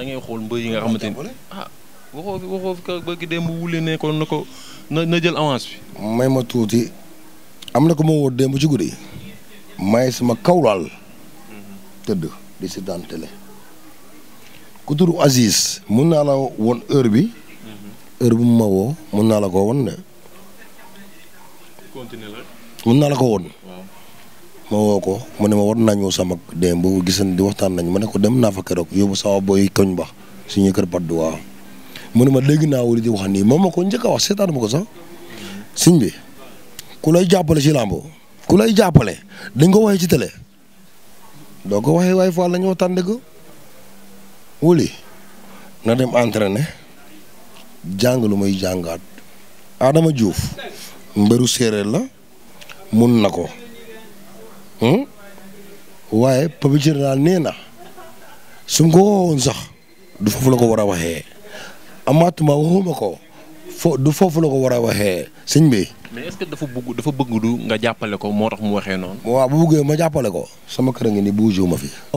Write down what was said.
da ngay xool mbër yi nga xamante ni ah waxoo fi waxoo fi ka bëgg démb wule ne ko na ko na na jël avance bi. may ma tuuti am na ko ma woo démb ci guddi may sama kawlaal tëdd di si daan télé ku turu mun naa la woon heure bi heure bu mu ma woo mun naa la ko woon de. continuer la mun naa la ko woon. ma woo ko mu ne ma war nañu sama démb bu gisan di waxtaan nañ ma ne ko dem naa fa kerook yóbbu sama booy koñ ba suñu kër Patte d'Oie mu ne ma dégg naa wuli di wax nii moom ma ko njëkk a wax seetaan ma ko sax siñ bi ku lay jàppale ci làmb ku lay jàppale dañ ko waxee ci télé doo ko waxe waaye Fall la ñu waxtaan dëgg wuli na dem entraîné jàng lu may jàngaat Adama Diouf mbëru séeréer la mun na ko Hmm? waaye Pape naa nee na su ma ko woowoon sax du foofu la ko war a waxee amaatuma waxuma ko fo du foofu la ko war a waxee sëñ bi. mais dafa bëgg dafa bëgg du nga jàppale ko moo tax mu waxee noonu. waaw bu bëggee ma jàppale ko sama kër ngi ni bu ma fi.